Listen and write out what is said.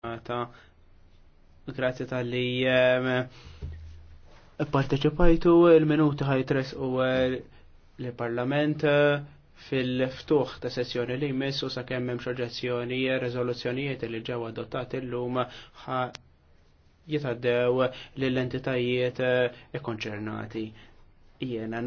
ta' grazie tal-li ehm, parteċipajtu il-minuti ħajtres u eh, li parlament eh, fil-ftuħ ta' sessjoni li jmiss u sa' hemm xoġezzjoni riżoluzzjonijiet li ġew adottati llum jitaddew lill-entitajiet eh, ikkonċernati. Jiena